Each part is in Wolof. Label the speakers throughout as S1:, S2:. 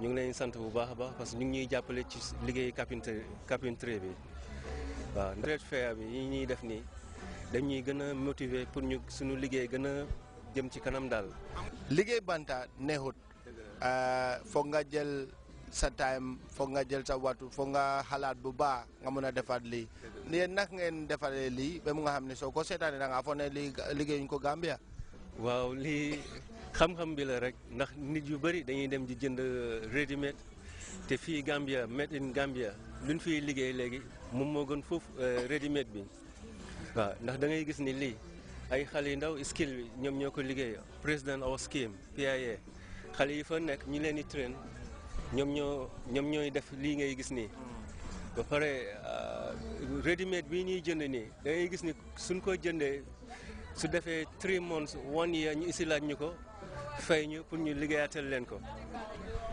S1: ñu ngi leen sant bu baax a baax parce que ñu ñuy jàppale ci liggéey carpinterie carpinterie bi waaw trade fair bi yi ñuy def nii dañuy gën a motiver pour ñu suñu liggéey gën a jëm ci kanam daal. liggéey banta neexut ah, foog nga
S2: jël sa time foog nga jël sa watu foog nga xalaat bu baax nga mën a defaat lii yéen nag ngeen defaree lii mu nga xam ne soo ko seetaanee da ngaa foog ne lii liggéeyuñ ko Gambia.
S1: waaw lii. xam-xam bi la rek ndax nit yu bëri dañuy dem di jënd euh, ready made te fii Gambia made in Gambia luñ fiy liggéey léegi moom moo gën foofu euh, ready made bi waaw ndax dangay gis ni lii ay xale yu ndaw skill bi ñoom ñoo ko liggéey président our scheme PIA xale yi fa nekk ñu leen di train ñoom ñoo ñoom ñooy def lii ngay gis nii ba pare ready made bii ñuy jënd nii da ngay gis ni suñ ko jëndee su defee three months one year ñu isi laaj ñu ko fay ñu pour ñu liggéeyaateel leen ko.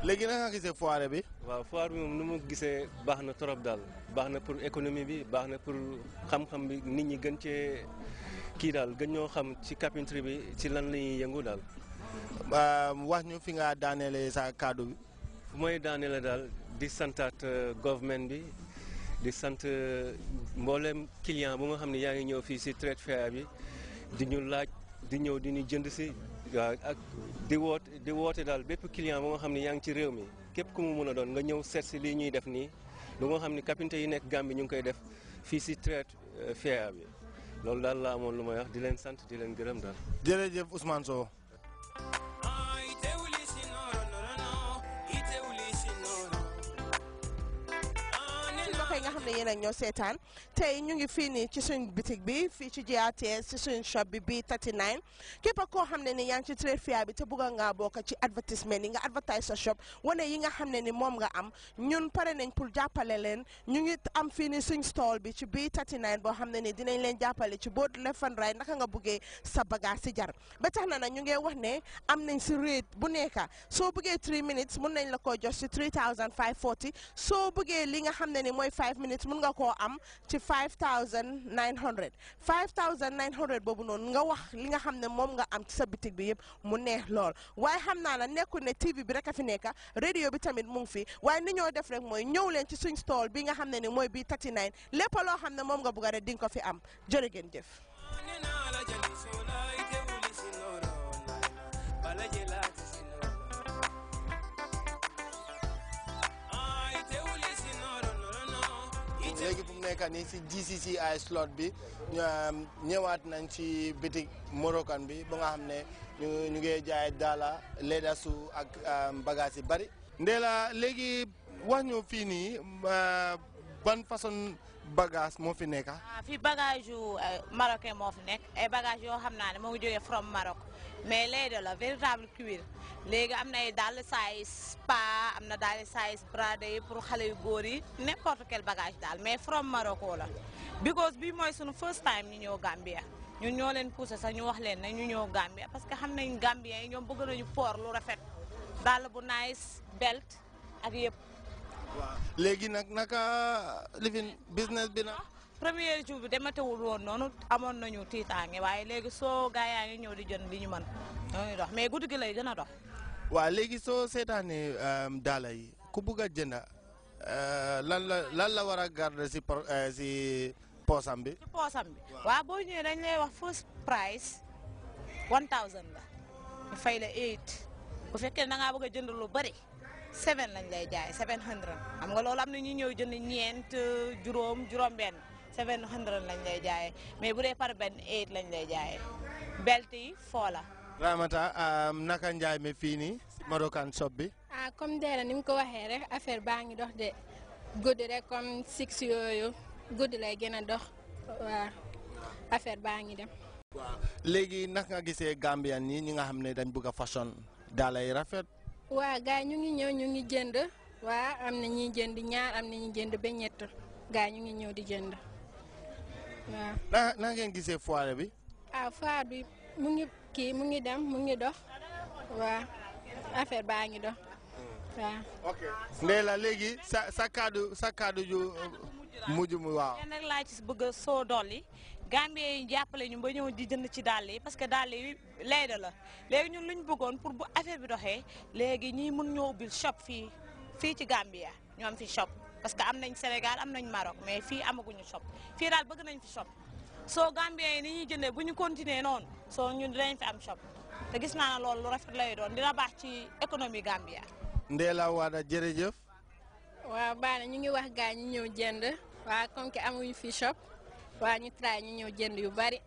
S1: léegi na nga gisee foire bi. waaw foire bi moom nu mu gisee baax na trop daal baax na pour économie bi baax na pour xam-xam bi nit ñi gën cee kii daal gën ñoo xam ci carpentry bi ci lan la ñuy yëngu daal. wax ñu fi nga daaneele sa kàddu bi. fu may daaneele daal di santaat euh, government bi di sant euh, mboolem client bu nga xam ne yaa ngi ñëw fii si trade fair bi di ñu laaj di ñëw di ñu jënd si. ak di woote di woote daal bépp client bu nga xam ne yaa ngi ci réew mi képp ku mu mun a doon nga ñëw seet si lii ñuy def nii lu nga xam ne capinte yi nekk Gambie ñu ngi koy def fii si trade euh, fair bi loolu daal laa amoon lu ma wax di leen sant di leen gërëm daal.
S2: jërëjëf Ousmane Sow.
S3: ne yéen ak ñoo seetaan tey ñu ngi fii nii ci suñ bitik bi fii ci GRTS ci suñ shop bi bii 39 képp koo xam ne ni yaa ngi ci trade fair bi te bëgg ngaa bokk ci advertisement yi nga advertise shop wane yi nga xam ne ni moom nga am ñun pare nañ pour jàppale leen ñu ngi am fii nii suñ stall bi ci bii 39 boo xam ne ni dinañ leen jàppale ci boot left and right naka nga buggee sa baga si jar ba tax na nag ñu ngi wax ne am nañ si rate bu nekka soo buggee 3 minutes mun nañ la ko jox si 3540 soo buggee li nga xam ne ni mooy minutes mun nga koo am ci 5900 5900 boobu noonu nga wax li nga xam ne moom nga am ci sa bitik bi yëpp mu neex lool waaye xam naa la nekkul ne TV bi rek a fi nekka radio bi tamit mu fi waaye ni ñoo def rek mooy ñëw leen ci suñ stall bi nga xam ne ni mooy bii 39 lépp loo xam ne moom nga bëgg rek di nga ko fi am jërë ngeen jëf
S2: léegi fu mu nekk nii si GCCI slot bi ñëwaat nañ si bitik Moroccan bi ba nga xam ne ñu ñu ngi jaay daala leeda ak um, bagage yi bari. Ndella léegi wax ñu fii nii uh, ban façon. bagage moo fi nekk ah
S3: fi bagage yu eh, marocain moo fi nekk ay eh, bagage yoo xam naa ne moo ngi jógee from Maroc mais léegi la véritable cuir léegi am na ay daal saayis pa am na daal size brada yi pour xale yu góor yi n'importe quel bagage daal mais from Maroc la because bi mooy sunu first time ñu ñëw Gambia ñun ñoo leen poussé sax ñu wax leen na ñu ñëw Gambia parce que xam nañ Gambien yi ñoom bëgg nañu port lu rafet daal bu nice belt ak yëpp
S2: léegi nag naka living business bi nag. Ah,
S3: premier jour bi dematewul woon noonu amoon nañu tiitaange waaye léegi soo gaa yaa ngi ñëw di jën li ñu mën noonu mais guddi gi lay gën a dox.
S2: waa léegi soo seetaanee euh, daala yi ku bugg a jënd euh, lan la lan la war a garder si euh, si bi. si poosam bi
S3: boo ñëwee dañ lay wax first price one thousand la ñu fay la eight bu fekkee da ngaa bëgg a jënd lu bari seven lañ lay jaay 700 hundred xam nga loolu am na ñu ñëw jënd ñent juroom juroom ben 700 hundred lañ lay jaay mais bu dé par ben eight lañ lay jaay belti yi
S4: foo la
S2: Ramata naka njaay me fi ni Moroccan shop bi
S4: ah comme deera ni ko waxé rek affaire baa dox de goudi rek comme six yoyu goudi lay gëna dox wa affaire baa ngi dem wa
S2: légui nak nga gisé Gambian ni ñi nga xamné dañ bëgg fashion dalay rafet
S4: wa gaa ñu ngi ñew ñu ngi jënd wa am na ñi jënd ñaar am na ñi jënd ba ñett gaa ñu ngi ñew di jënd
S2: wa na na ngeen gisé foire bi.
S4: ah foire bi mu ngi ki mu ngi dem mu ngi dox wa affaire baa ngi dox wa ok
S2: la légui sa sa cadeau sa cadeau ju mujj mu waaw.
S3: nak la ci bëgg so doli Gambien yi jàppale ñu ba ñëw di jënd ci dàll yi parce que dàll yi layda la léegi ñun luñ bëggoon pour bu affaire bi doxee léegi ñii mun ñoo ubbil shop fii fii ci Gambia ñu am fi shop parce que am nañ Sénégal am nañ Maroc mais fii amaguñu shop fii daal bëgg nañ fi shop soo Gambien yi ni ñuy jëndee bu ñu continuer noonu soo ñun dinañ fi am shop te gis naa ne lu rafet lay doon dina baax ci économie Gambia.
S2: Ndella Wada jërëjëf.
S4: waa baax na ñu ngi wax gaa ñi ñëw jënd waa comme que amuñu waa ñu ñu jënd yu bari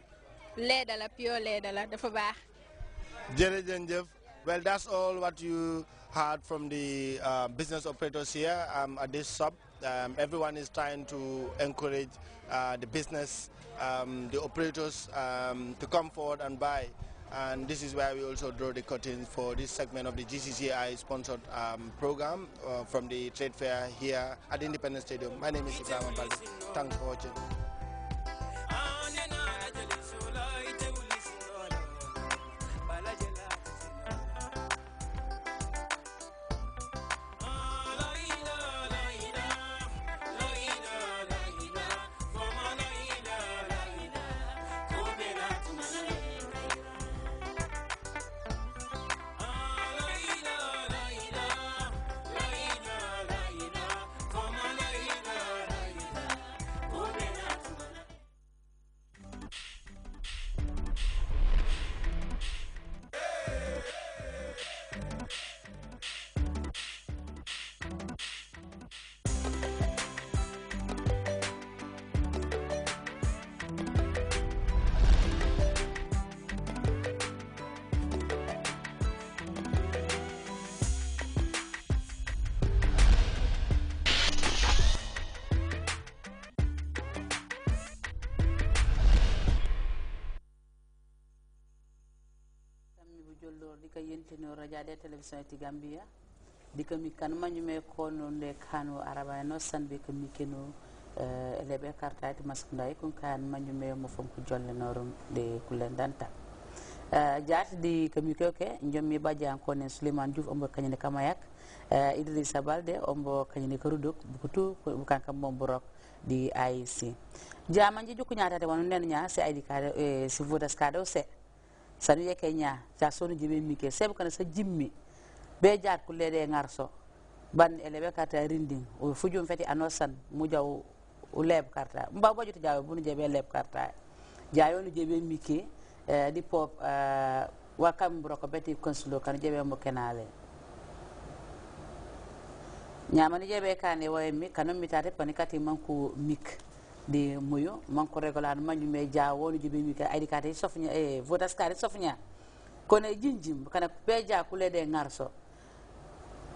S4: leeda la leeda la dafa
S2: baax. well that's all what you heard from the uh, business operators here um, at this shop. Um, everyone is trying to encourage uh, the business, um, the operators um, to come forward and buy. And this is where we also draw the curtains for this segment of the GCCI sponsored um, program uh, from the trade fair here at Independence Stadium. My name is Ibrahim Baldi. Thanks for watching.
S4: jollo ɗi ka yeltinoro jaade télévision ti gambia ɗi ka mi kan mañume kono nde kano arabano sanbe ka mi keno eleɓe eh, kartati maskudayi kon kan mañume mo fonko jollenorom ɗe kullen danta eh, jaatidi kami kewke jommi ɓadiyankone souleymane diouf ombo kañane kamayak eh, idrissa balde ombo kañane karudok bukutu kankam mom borok ɗi aic jamaji jokkuñatade wono nden ña si aydi kade si vodas kade o see sani yeke nya ja sonu jibe mike sebe kana sa jimmi be jat ku lede ngarso ban elebe kata rinding o fujum feti anosan mujaw o leb karta mba bojo to jawe bunu jebe leb karta jayonu jebe mike eh, di pop eh, wakam broko beti konsulo kan jebe mo kenale nyamani jebe kane waye mi kanon mitare panikati manku mik ɗe moyo manko régolade majjum e dia woni joɓimi ka kon kate sofña e votas kate sofña kono e jinjim kana peeja kulede garso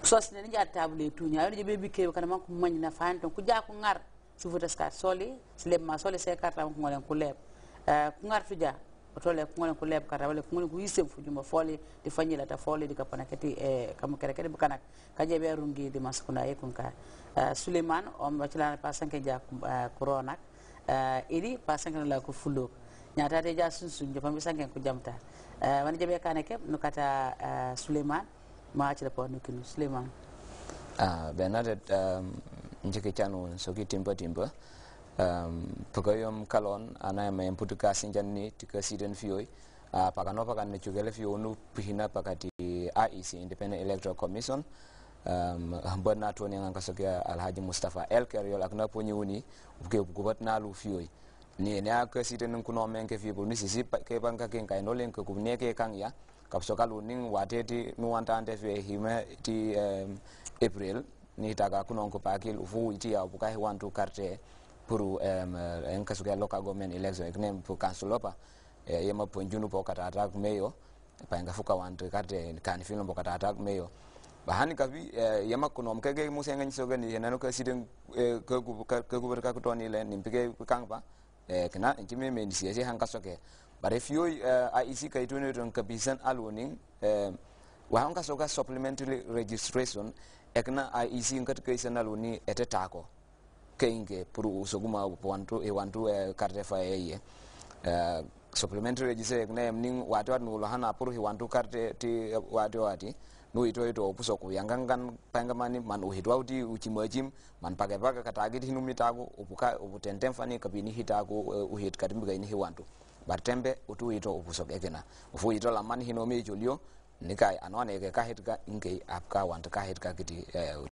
S4: sosne ne jaata table tuña woni joɓe bikkeɓe kana manko mañina fani toon ko jaa ko gar so votas kate soole so lebma soole se carte manko golen ko leeb eh, ko gartuja otole ngone kule leb kata wala ngone ko foli fu lata foli di kapana kati e eh, kam kere kere bukana kaje be rungi di maskuna e kun ka eh, suleiman o mo na pa sanke ja eh, corona ili pa sanke la ko fulo nyata de ja sun sun jofam sanke ko jamta wan jabe kana ke nukata kata suleiman ma tila pa no kinu suleiman
S5: ah benadet um njike chanu soki timba timba um, ehm, pagayom kalon ana me mputu ka sinjanni tika siden fioi uh, ah, paka no paka ne chukele fio nu pihina paka ti IEC Independent Electoral Commission um, ehm, hambat na tuoni ngan kasokia Alhaji Mustafa El Keriol akna ponyi uni uke kubat na lu fioi ni ne aka siden kuno men ke fibo ni sisi ke banka ken kai nolen ke kubne ke kang ya kapso kalu ning wateti nuwanta ante fe hime ti um, April ni taga kunonko pakil ufu iti ya bukai wantu karte pour eh, en kasuga local government election iknem pour councilopa eh, yema ponjunu po katata meyo painga fuka wantu kate kan film po katata meyo bahani kabi eh, yama kuno mkege musenga nyisoga ni nanu ka sidin ka ku ka kutoni le nimpige kangpa kena njime me nisiese hankasoke bare fiyo IEC kaituni ton kabisan alwoni wahankasoka supplementary registration ekna IEC nkat kaisanaluni etetako kenge pour usoguma wantu e wantu e karte fa ye uh, e. e, supplementary register ne mning wati wati nulahana pour hi wantu karte ti wati wati nu ito ito opuso ku yangangan pangamani man uhitwa uti uchimwechim man pake pake katagit hinu mitago upuka uputentem fani kabini hitago uh, e, uhit katimbiga ini hi wantu bartembe utu ito opuso kekena ufu ito la laman hinomi julio nikai anone ke kahitka inke apka wantu kahitka kiti uh,